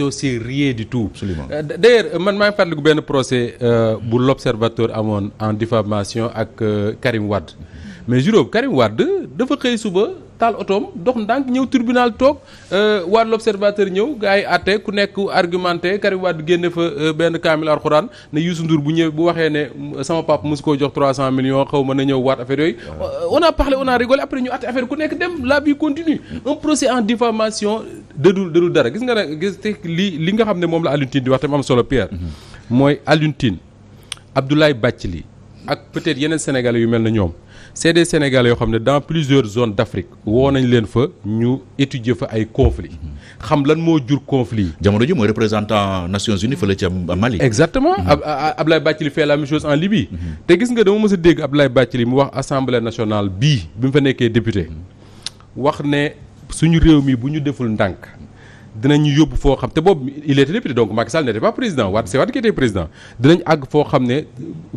associé rien du tout. absolument euh, d'ailleurs euh, man maa ngi fàttaliku benn procès euh, bu l'observateur amoon en diffamation ak Karim Wade. mais juróom Karim Wade dafa xëy suba taal otoom dox ndànk ñëw tribunal toog euh, waa l'observateur ñëw gars yi àtte ku nekk argumenté Karim Wade génne fa euh, benn kaamil alxuraan ne Youssou Ndour bu ñëwee bu waxee ne euh, sama papa mosu koo jox 300 millions xaw ma na ñëw waat affaire yooyu. on a parlé on a rigolé après ñu àtte affaire ku nekk dem la vie continue. Mm. un procès en diffamation dëdul dara gis nga ne gis te li nga xam ne moom la Alioune di wax tam am solo Pierre. Mm-hmm. mooy Alioune Tine Abdoulaye Bathily ak peut-être yeneen sénégalais yu mel na ñoom c'est des sénégalais yoo xam ne dans plusieurs zones d'Afrique woo nañ leen fa ñu étudier fa ay conflits xam lan moo jur conflit jamono ji mooy représentant Nations Unies fële ca Mali. exactement mm-hmm. Ablaye Bathily fait la même chose en libi mm-hmm. te gis nga dama mës a dégg Ablaye Bathily mu wax assemblée nationale bii bi mu fa nekkee député mm-hmm. wax ne suñu réew mi bu ñu deful ndànk. ñu yóbbu foo xam te boobu il était député donc Macky Sall n'était pas président Wade c'est Wade qui était président dinañ àgg foo xam ne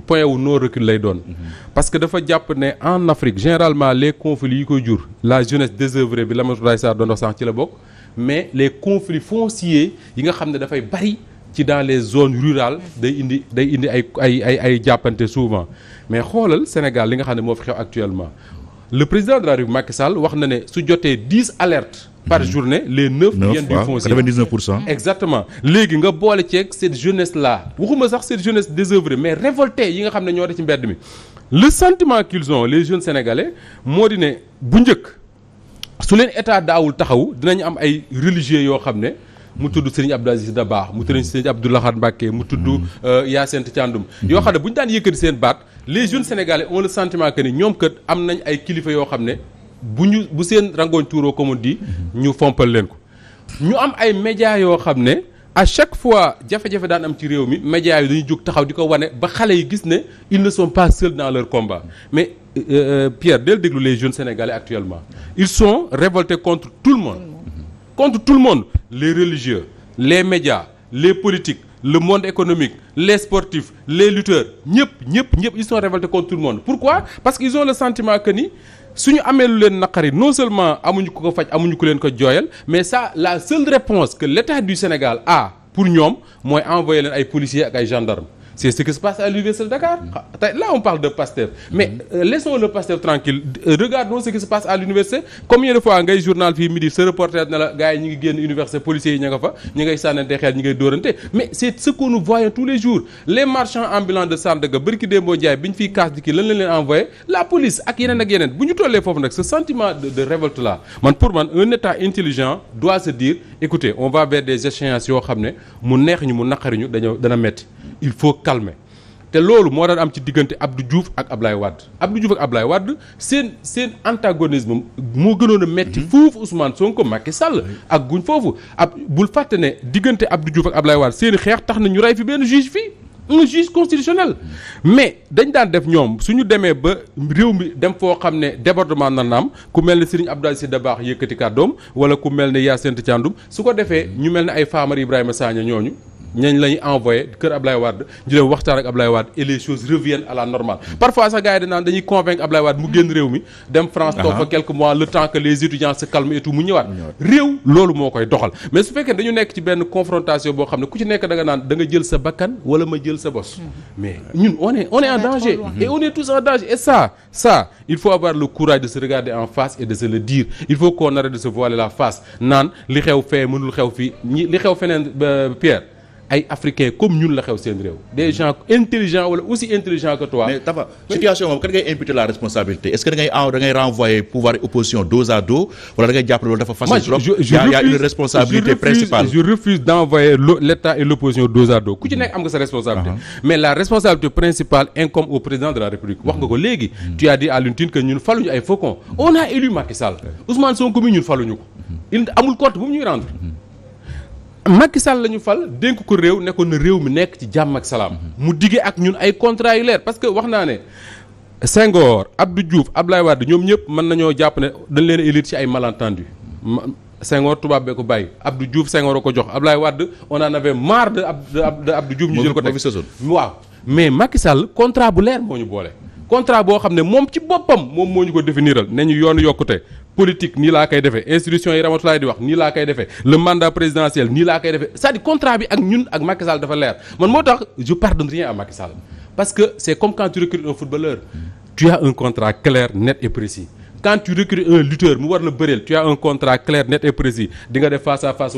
point wu non recul lay doon. Mhm. parce que dafa jàpp ne en Afrique généralement les conflits yi koy jur la jeunesse désœuvrée bi Lamine Abdoulaye Sarr doon wax sànq ci la bokk mais les conflits fonciers yi nga xam ne dafay bari. ci dans les zones rurales day indi day indi ay ay ay ay jàppante souvent mais xoolal Sénégal li nga xam ne moo actuellement le président de la République Macky wax na ne su jotee dix alertes par mhm. journée les neuf viennent du foncier 99 pour cent exactement léegi nga boole ceeg cette jeunesse là waxuma sax cette jeunesse désœuvrée mais révoltée yi nga xam ne ñoo de ci mbedd mi le sentiment qu'ils ont les jeunes sénégalais moo di ne bu njëkk su leen état daawul taxaw dinañu am ay religieux yoo xam ne mu tudd Serigne Abdou Aziz Dabakh mu tudd Serigne Abdou Lahad Mbacké mu tudd mhm. euh, Yacine Thiandoum yoo xam ne bu ñu daan yëkkati seen baat les jeune sénégalais ont le que ni ñoom kat am nañ ay yoo xam ne bu ñu bu seen rangooñ tuuroo comme on ñu fompal leen ko ñu am ay médias yoo xam ne à chaque fois jafe-jafe daan am ci réew mi médias yi dañuy jóg taxaw di ko wane ba xale yi gis ne ils ne sont pas seuls dans leur combat mais euh, euh Pierre del déglu les jeune sénégalais actuellement ils son révoltés contre tout le monde contre tout le monde les religieux les médias les politiques le monde économique les sportifs les lutteurs ñëpp ñëpp ñëpp ils sont révoltés contre tout le monde pourquoi parce que ils ont le sentiment que ni suñu amee lu leen naqari non seulement amuñu ko ko faj amuñu ko leen ko jooyal mais ça la seule réponse que l'état du Sénégal a pour ñoom mooy envoyer leen ay policiers ak ay gendarmes c'est ce qui se passe à l'université de Dakar mm-hmm. là on parle de Pastef mais mm-hmm. euh, laissons le tranquille euh, regardons ce qui se à l'université combien de fois ngay journal fii midi sa reporter ne la gars yi ñi ngi génn université policiers yi ña nga fa ñi ngay sànnante xel ñi ngay dóorante mais c'est ce que tous les jours les marchands ambulants de Sandaga bërki Dembo Ndiaye bi ñu fiy kaas di kii lan la leen envoyé la police ak yeneen va vers des yoo xam ne mu neex ñu mu naqari ñu il faut calmer te loolu moo daan am ci diggante Abdou Diouf ak Ablaye Wade Abdou Diouf ak Ablaye Wade seen seen antagonisme moo gënoon a metti mhm. foofu Ousmane Sonko Macky Sall ak guñ foofu ab bul fàtte ne diggante Abdou Diouf ak Ablaye Wade seeni xeex tax na ñu rey fi benn juge fi un juge constitutionnel mhm. mais dañ daan def ñoom suñu demee ba réew mi dem foo xam ne débordement na naam ku mel ne Serigne ab Aziz Sy Dabakh yëkkati kàddoom wala ku mel ne Hyacinthe Thiandoum su ko defee mhm. ñu mel ne ay Famara Ibrahima Sagna ñooñu ñañ lañuy envoyé kër Ablaye Wade ñu dem waxtaan ak Ablaye Wade et les choses reviennent à la normale parfois sax gars yi danaan dañuy convaincre Ablaye Wade mu génn réew mi dem France toog fa quelques mois le temps que les étudiants se et tout mu ñëwaat réew loolu moo koy doxal mais su fekkee dañu nekk ci benn confrontation boo xam ne ku ci nekk da naan da nga jël sa bakkan wala ma jël sa bos mais ñun on est on est en danger et on tous en danger et ça faut avoir le courage de se regarder en face et de se le dire il faut naan li xew fee mënul xew fii ñi li xew feneen euh, Pierre ay africains comme ñun la xew seen réew. des mm-hmm. gens intelligents wala aussi intelligents que toi. mais Tafa situation boobu kan ngay imputer la responsabilité est-ce que da a une responsabilité am nga sa responsabilité. Uh-huh. mais la responsabilité principale incombe au président de la République. wax nga ko léegi. Mm-hmm. tu as à Lune Tine que ñun faluñu ay faucons. on a élu Macky Sall. Mm-hmm. Ousmane Sonko mi ñun faluñu ko. amul compte bu mu ñuy rendre. Macky Sall la fal dénk ko réew nekkoon na réew mi nekk ci jàmm ak salaam. Mhm. mu diggee ak ñun ay contrat yu leer parce que wax naa ne Senghor Abdou Diouf Abdoulaye Wade ñoom ñëpp mën nañoo jàpp ne dañ leen élire ci ay malentendu Senghor tubaab bee ko bàyyi Abdou Diouf Senghor a ko jox Abdoulaye Wade on en avait marre de de Abdou Diouf. ñu jël ko teg waaw mais Macky Sall contrat bu leer moo ñu boole. contrat boo xam ne moom ci boppam moom moo ñu ko définiral ne ñu yoonu yokkute politique nii laa koy defee institution yi Ramatoulaye di wax nii laa koy defee le mandat présidentiel nii laa koy defee cest à contrat bi ak ñun ak Macky Sall dafa leer man moo tax je pardonne rien à Macky parce que c'est comme quand tu recrutes un footballeur tu as un contrat clair net et précis quand tu recrutes un lutteur mu war la bëreel tu as un contrat clair net et précis di nga def face à face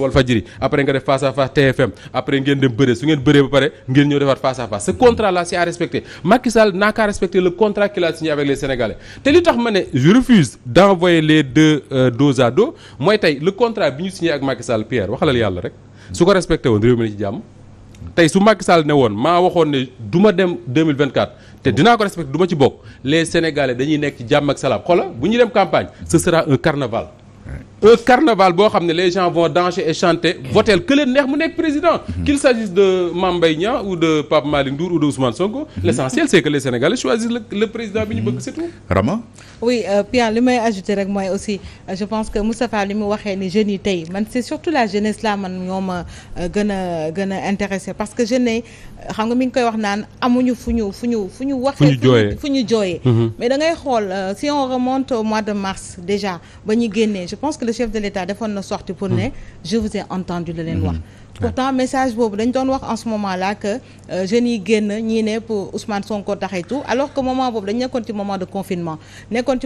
après nga def face à TFM après ngeen dem bëree su ngeen bëree ba pare ngeen ñëw defaat face à face contrat là c'est à respecter Macky Sall n'a respecter le contrat qu'il a signé avec les Sénégalais te li tax ma ne je refuse d'envoyer les deux euh, à dos mooy tey le contrat bi ñu signé ak Macky Sall Pierre waxalal yàlla rek su ko respecté woon réew tey su Macky Sall ne woon maa waxoon ne du ma dem 2024 te dinaa ko respecté duma ci bokk les sénégalais dañuy nekk ci jàmm ak salaam xoola bu ñu dem campagne ce sera un carnaval. un carnaval boo xam ne les gens vont danser et chanter voter que leen neex mu nekk président mhm. qu'il s'agisse de Mame Mbaye Niang ou de Pape Malick ou de Ousmane Sonko mhm. l'essentiel c'est que les Sénégalais président bi ñu bëgg c'est Rama oui euh, Pierre li may ajouter rek mooy aussi euh, je pense que Moustapha li mu waxee ni jeunes yi tey man c'est surtout la jeunesse là man ñoom euh, gën a a intéressé parce que jeunes yi xam nga mi ngi koy wax naan amuñu fu ñu fu ñu fu ñu jooyee mhm. da ngay le chef de l'État defoon na sorti pour ne hmm. je vous ai entendu la leen hmm. wax pourtant message boobu dañ doon wax en ce moment là que euh, jeunes génn ñii ne pour Ousmane Sonko tax et tout alors que moment boobu dañ nekkoon ci moment de confinement nekkoon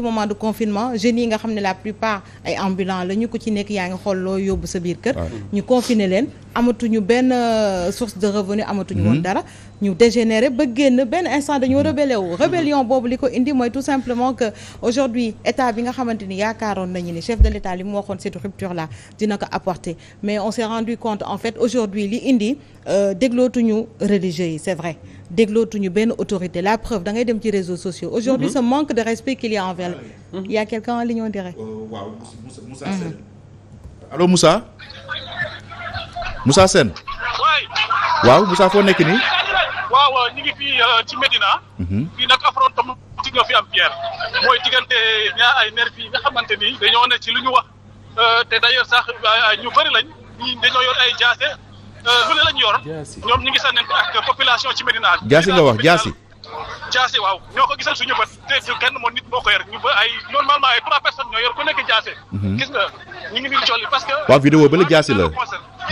nga xam ne la plupart ay ambulants la ñu ko ci nekk yaa ngi xool loo yóbbu sa biir kër ñu confiner leen amatuñu benn euh, source de revenu amatuñu woon mhm. dara ñu dégénéré ba génn benn instant dañoo mhm. rebellé mhm. boobu li ko indi mooy tout simplement que aujourd'hui état bi nga xamante ni yaakaaroon nañu aujourd'hui li indi euh, déglootuñu religieux yi c'est vrai déglootuñu benn autorité la preuve da ngay dem ci réseaux sociaux aujourd'hui sa mm-hmm. manque de respect qu'il y a envers ah, il a quelqu'un en ligne on dirait euh, waaw Moussa mm-hmm. Sène allô Moussa Moussa foo nekk nii waaw ñu ngi euh, ci Medina. Mm-hmm. fii nag affrontement ci nga fi mooy diggante ñaar ay nerf yi nga xamante ni dañoo ne ci lu ñu wax te d'ailleurs sax ñu bëri lañ. dañoo yor ay jaase euh, lu ne lañ yor. ñoom ñu ngi sànnante ak population ci Medina. jaasi nga wax jaasi. jaase waaw ñoo ko gisal suñu mhm. parce que. waaw vidéo ba la jaase la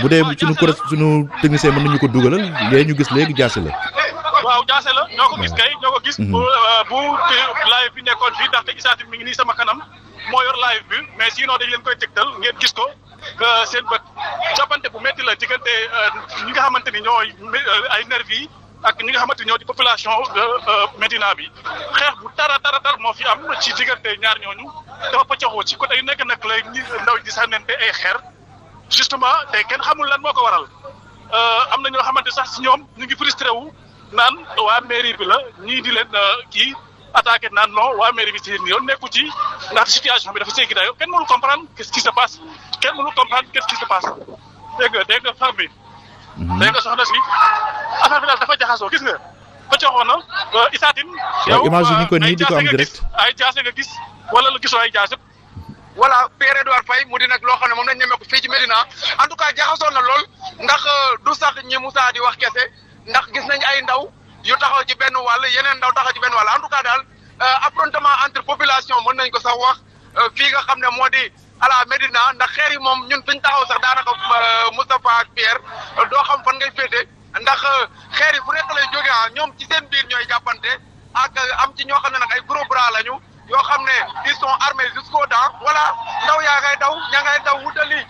bu dee suñu kuréel suñu ko dugalal ñu gis léegi jaase la. waaw jaase la ñoo ko gis kay ñoo ko gis. Mhm. bu euh, bu live bi nekkoon fii ndaxte gisaati mi ngi nii sama kanam. moo yor live bi mais sinon dañ leen koy tegtal ngeen gis ko seen bët jàppante bu métti la diggante euh, ñi nga xamante ni ñoo euh, ay nervi ak ñi nga xamante ni ñoo di population euh, Médina bi xeex bu tara tara tar moo fi am ci diggante ñaar ñooñu dafa pëccaxoo ci côté yu nekk nag lay ndaw di sànnante ay xeer justement te kenn xamul lan moo ko waral am na ñoo xamante sax si ñoom ñu ngi frustré wu naan waa mairie bi la ñii di leen kii attaqué naan non waa mairie bi ci yoon nekku ci ndax situation bi dafa jéggi dayo kenn mënu comprendre qu'est-ce qui se passe kenn mënu bi mhm. dégg daal dafa jaxasoo gis nga ba coxoon na euh, isaatin yow image yi ñu ko euh, nii di ko am ay jaase nga gis wala la gisoo ay jaase voilà Pierre Edouard mu di nag loo xam ne moom lañ ñemee ko fii ci Médina en tout cas jaxasoon na lool ndax euh, du sax ñi Moussa di wax kese ndax gis nañ ay ndaw yu taxaw ci benn wàll yeneen ndaw taxaw ci benn wàll en tout cas daal euh, affrontement entre population mën nañ ko sax wax euh, fii nga xam ne moo di à la Médina ndax xeer yi moom ñun suñ taxaw sax daanaka euh, Moustapha ak Pierre doo xam fan ngay féete ndax xeer yi fu nekk lay jóge ah, ñoom ci seen biir ñooy jàppante ak am ci ñoo xam ne na ay gros bras lañu yoo xam ne ils sont armés jusqu'aux dents voilà ndaw yaa ngay daw ña ngay daw wutali